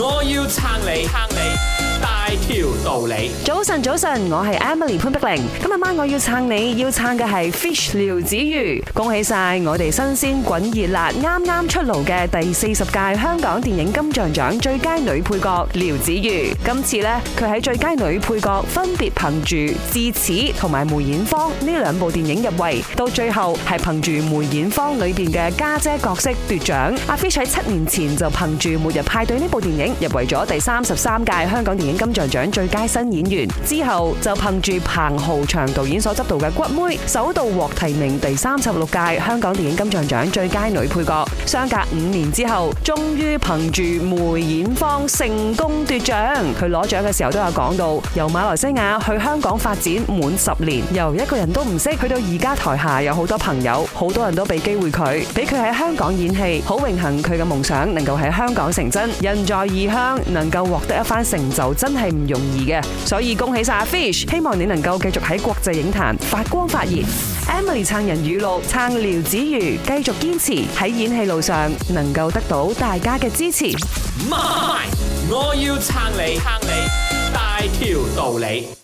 我要撐你撐你大條道理。早晨早晨，我係 Emily 潘碧玲。今日晚我要撐你，要撐嘅係 Fish 廖子妤。恭喜晒我哋新鮮滾熱辣啱啱出爐嘅第四十屆香港電影金像獎最佳女配角廖子妤。今次呢，佢喺最佳女配角分別憑住《智齒》同埋《梅艷芳》呢兩部電影入圍，到最後係憑住《梅艷芳》裏面嘅家姐，姐角色奪獎。阿 Fish 喺七年前就憑住《末日派對》呢部電影。入圍咗第三十三屆香港電影金像獎最佳新演員之後，就憑住彭浩翔導演所執導嘅《骨妹》首度獲提名第三十六屆香港電影金像獎最佳女配角。相隔五年之後，終於憑住梅艷芳成功奪獎。佢攞獎嘅時候都有講到，由馬來西亞去香港發展滿十年，由一個人都唔識，去到而家台下有好多朋友，好多人都俾機會佢，俾佢喺香港演戲，好榮幸佢嘅夢想能夠喺香港成真。人在異鄉能夠，獲得一番成就真係唔容易嘅，所以恭喜晒阿 Fish，希望你能夠繼續喺國際影壇發光發熱。Emily 撐人語錄，撐廖子瑜，繼續堅持喺演戲路上，能夠得到大家嘅支持。我要撐你，撐你，大條道理。